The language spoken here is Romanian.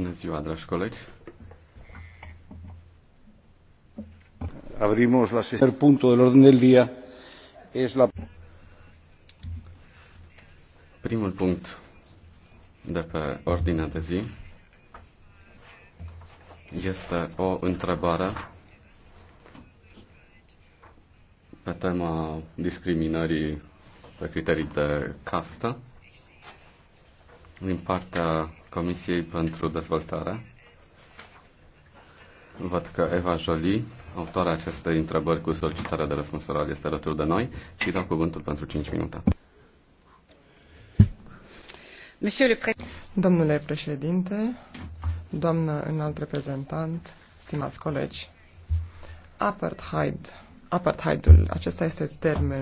Bună ziua, dragi colegi. Abrimos la primer punto del orden del día. Es la... Primul punct de pe ordinea de zi este o întrebare pe tema discriminării pe criterii de castă din partea Comisiei pentru Dezvoltare. Văd că Eva Jolie, autoarea acestei întrebări cu solicitarea de răspuns oral, este alături de noi și dau cuvântul pentru 5 minute. Domnule președinte, doamnă înalt reprezentant, stimați colegi, apartheid, apartheidul, acesta este termen